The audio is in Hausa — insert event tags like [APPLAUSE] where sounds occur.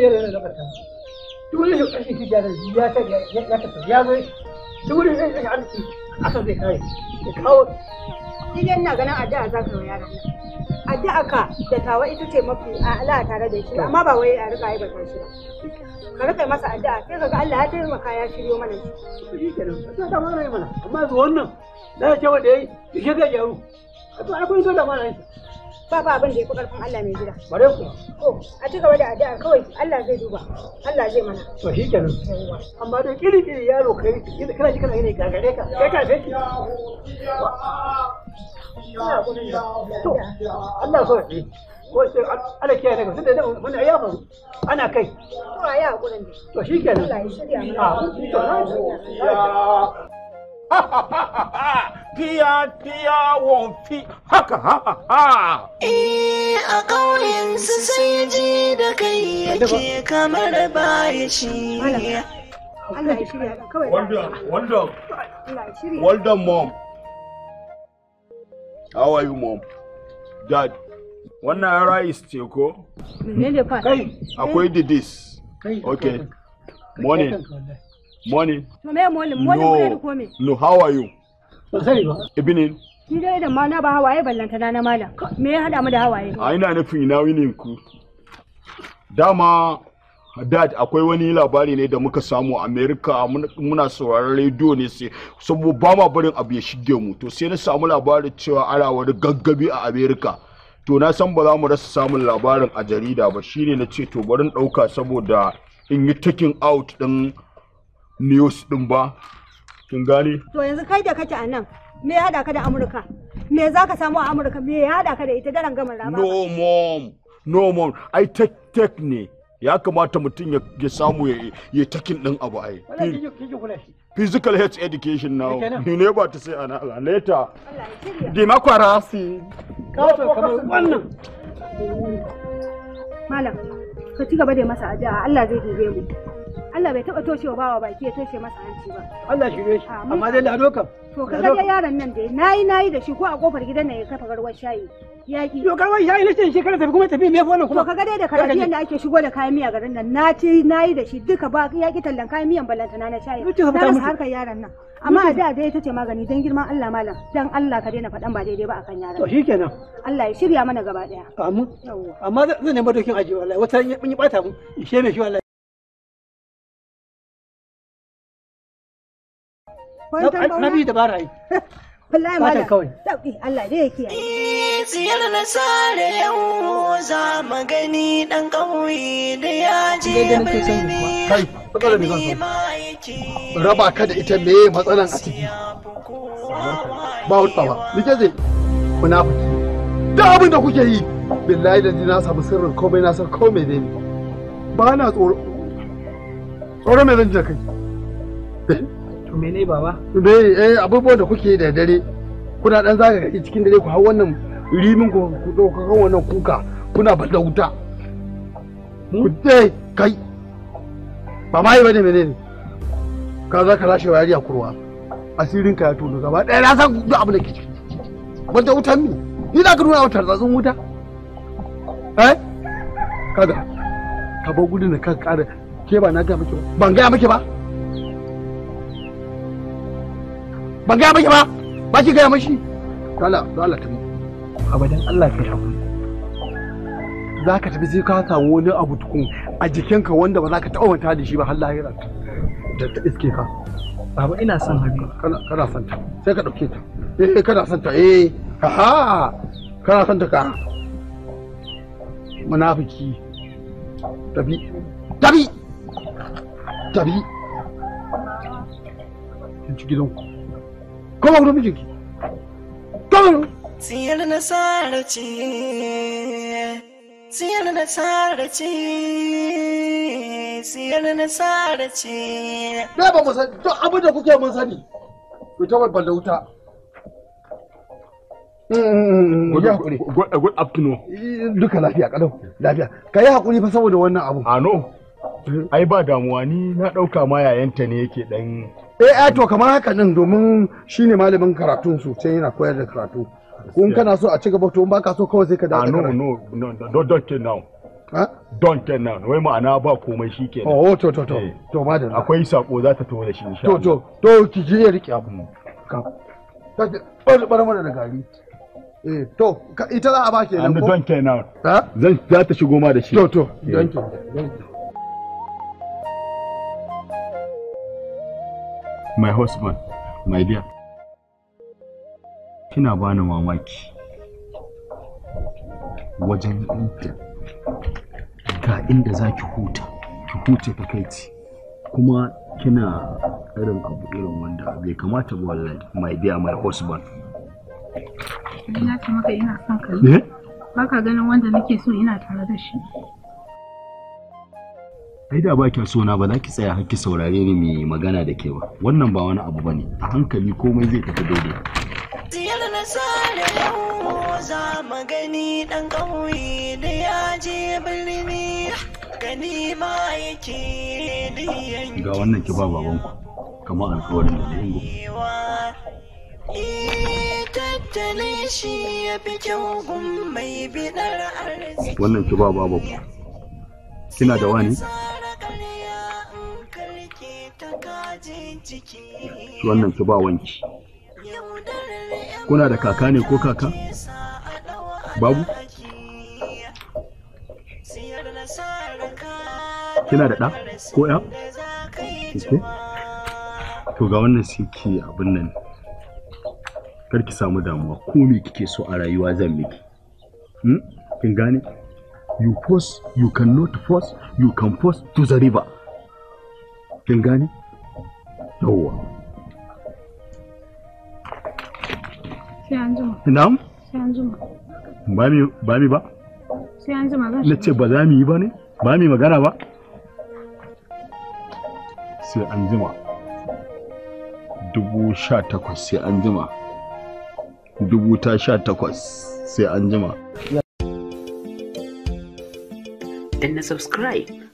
yana yana labarta duk wani shi shi ya ya ya zai duk wani shi arziki a kan zai kare ya kawo ganin addu'a za ka yaran nan addu'a ka da tawa ita ce mafi ala tare da shi amma ba wai a rika aibata shi ba ka rika masa addu'a sai ka ga Allah ya taimaka ya shiryo mana shi shi kenan ta amma yanzu wannan da ya ce wanda yayi shi ga jaru. a to akwai so da mana shi babu abin da ya fi karfin Allah mai gida. Bare ku. To, a ci gaba da addu'a kawai Allah zai duba, Allah zai mana. To shi kenan. Amma don kiri kiri yaro kai kana ji kana yi gagare ka. Kai ka sai. To, Allah so ne. Ko sai Allah kiyaye ka tunda mun ya faru. Ana kai. To ya gurin. To shi kenan. Allah ya shirya mana. Ah, to na. fiya [LAUGHS] fiya wonfi haka ha ha eh a ƙauyen su sai ji da kai yake kamar baya shi ya shirya kawai mom how are you mom dad wannan yara is teko kai akwai okay morning Morning. To me morning? Morning no. ko me? No, how are you? ibinin. sani dai da ma na ba hawaye ballanta na malam. Me ya hada mu da hawaye? A ina nufin ina winin ku. Dama Dad akwai wani labari ne da muka samu a Amerika muna sauraron rediyo ne sai saboda ba ma barin abu ya shige mu to sai na samu labarin cewa ana wani gaggabi a Amerika to na san ba za mu rasa samun labarin a jarida ba shine na ce to barin ɗauka saboda in yi taking out ɗin news din ba kin gane to yanzu kai da kake a nan me ya hada ka da amurka me za ka samu a amurka me ya hada ka da ita daren gamar rama no mom no mom ai tech tech ne ya kamata mutum ya samu ya takin din abu ai physical health education now he never to say ana later democracy wannan malam ka ci gaba da masa addu'a Allah zai dube mu Allah bai taɓa toshe wa bawa baki ya toshe masa hanci ba. Allah shirye shi, amma dai lado kam. To ka ga yaron nan dai nayi nayi da shi ko a kofar gidan nan ya kafa garwar shayi. Yaki. To garwar shayi na ce shekara tafi kuma tafi me fa wannan kuma. To ka ga dai da karatu yanda ake shigo da kayan miya garin nan na ci nayi da shi duka ba yaki tallan kayan miyan ballantana na shayi. Na rasa harkar yaron nan. Amma a da dai ita ce magani dan girman Allah malam dan Allah ka daina faɗan ba daidai ba akan yaran. To shikenan. Allah ya shirya mana gaba daya. Amma amma zan nemi dokin ajiye wallahi wata in bata mu in sheme shi wallahi. kwantan bauna na bi dabara ai [LAUGHS] wallahi ma kawai sauki Allah dai yake yi tsiyar na sare yau za mu gani dan kauye da ya je birni kai kada ne zan raba ka da ita meye matsalan a ciki ba hutsa ba nike je munafiki da abin da kuke yi billahi da na samu sirrin komai na san komai ne ba na tsoro tsoro mai zan ji kai eh? mene baba dai eh abubuwan da kuke da dare kuna dan zaga gari cikin dare ku hau wannan rimin ku ku dauka kan wannan kuka kuna bada wuta Mu hmm? dai kai ba mai bane ne. ka za ka lashe wariya kurwa asirin ka ya tono gaba ɗaya na san duk abin da ke ciki wanda wutan mi ni za ka nuna wa tarzatsun wuta eh kaga ka bar gudun da ka kara ke ba na ga miki ba ban ga miki ba ban gaya mashi ba ba shi gaya mashi dala dala ta abadan Allah ka hakuri za ka tafi sai ka samu wani abu tukun a jikinka wanda ba za ka taɓa manta da shi ba har lahira da ta iske ka baba ina son habiba kana kana son ta sai ka dauke ta eh kana son ta eh ha kana son ta ka munafiki tabi tabi tabi kin ci gidanku ko ba gudu mijinki kawai tsiyar nasara ce tsiyar nasara ce tsiyar nasara ce na ba mu sani duk abin da kuke mun sani ku ta babban wuta mm, Good afternoon. Duka lafiya kalau lafiya. Ka yi hakuri fa saboda wannan abu. Ano, ah, hmm? ai ba damuwa ni na ɗauka ma yayanta ne yake ɗan Eh, eh to kamar haka din domin shine malamin karatun su sai yana koyar da karatu kun kana so a ci gaba to ba ka so kawai sai ka ah, dawo no no no don't get now Don't get now. wai ma'ana ba komai shi ke oh to to to eh. to ma akwai sako za ta tona shi insha Allah. to to to ki je ya rike abu mm. ka ta ji bar mana da gari eh to ita za a ba ke nan ko get now. Ha? zan za ta shigo ma da shi to to Don't don eh. turn my husband, my dear. Kina bani mamaki wajen inda ga inda za ki huta, ki huce takaici kuma kina irin abu irin wanda bai kamata ba wallahi my dear my husband. Ina ce maka ina son ka yi. Eh? Ba ka ganin wanda nake so ina tare da shi. ai da ba kya sona ba za ki tsaya har ki saurare ni mai magana da ke ba wannan ba wani abu bane a hankali komai zai tafi dole. na za mu gani da ya je da ga wannan ki ba babanku kamar alƙawarin da zai e, tattalin shi ya fi kyau mai arziki wannan ki ba babanku kina da wani ki wannan ki ba wanki kuna da kaka ne ko kaka babu kina da ɗa ko ya to ga wannan siki abin nan kar ki samu damuwa ko me kike so a rayuwa zan miki hmm? kin gane you force you cannot force you can force to the river kin gane yawwa sai an jima na'am sai an jima ba mi ba mi ba sai an jima zan na ce ba za mu yi ba ne ba mi magana ba sai an jima dubu sha takwas sai an jima dubu ta sha takwas sai an jima. Danna subscribe.